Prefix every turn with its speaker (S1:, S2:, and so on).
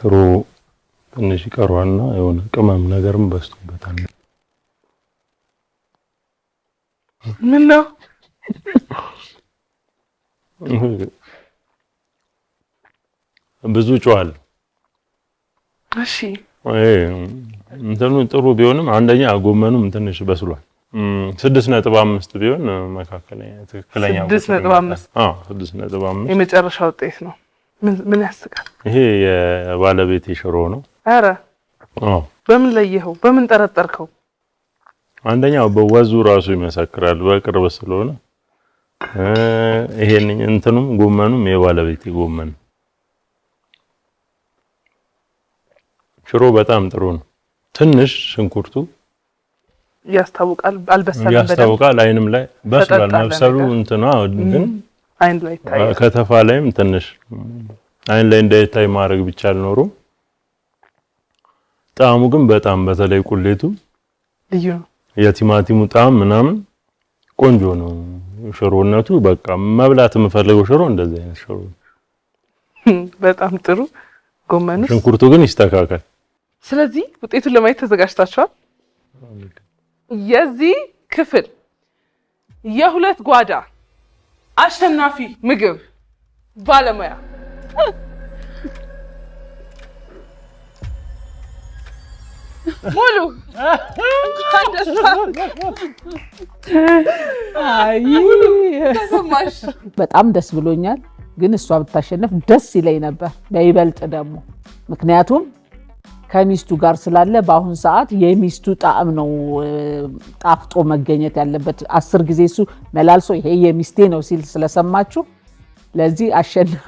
S1: ሽሮ ትንሽ ይቀሯልና የሆነ ቅመም ነገርም በዝቶበታል። ምን ብዙ ጨዋል። እሺ እንትኑ ጥሩ ቢሆንም አንደኛ ጎመኑም ትንሽ በስሏል። ስድስት ነጥብ አምስት ቢሆን መካከለኛ
S2: ትክክለኛ ስድስት ነጥብ አምስት የመጨረሻ ውጤት ነው። ምን ያስቃል?
S1: ይሄ የባለቤቴ ሽሮ ነው።
S2: አረ በምን ለየኸው? በምን ጠረጠርከው?
S1: አንደኛው በወዙ ራሱ ይመሰክራል፣ በቅርብ ስለሆነ ይሄን እንትኑም ጎመኑም የባለቤት ጎመን ሽሮ በጣም ጥሩ ነው። ትንሽ ሽንኩርቱ ያስታውቃል፣ አልበሰለም፣ ያስታውቃል አይንም ላይ በስሏል። መብሰሉ እንትና ግን አይን ላይ ይታያል። ከተፋ ላይም ትንሽ አይን ላይ እንዳይታይ ማድረግ ብቻ አልኖሩም። ጣዕሙ ግን በጣም በተለይ ቁሌቱ ልዩ ነው። የቲማቲሙ ጣዕም ምናምን ቆንጆ ነው። ሽሮነቱ በቃ መብላት የምፈልገው ሽሮ እንደዚህ አይነት ሽሮ
S2: በጣም ጥሩ። ጎመኑ
S1: ሽንኩርቱ ግን ይስተካከል።
S2: ስለዚህ ውጤቱን ለማየት ተዘጋጅታችኋል። የዚህ ክፍል የሁለት ጓዳ አሸናፊ ምግብ ባለሙያ ሙሉ
S3: በጣም ደስ ብሎኛል። ግን እሷ ብታሸነፍ ደስ ይለኝ ነበር በይበልጥ ደግሞ ምክንያቱም ከሚስቱ ጋር ስላለ በአሁን ሰዓት የሚስቱ ጣዕም ነው ጣፍጦ መገኘት ያለበት። አስር ጊዜ እሱ መላልሶ ይሄ የሚስቴ ነው ሲል ስለሰማችሁ ለዚህ አሸናፊ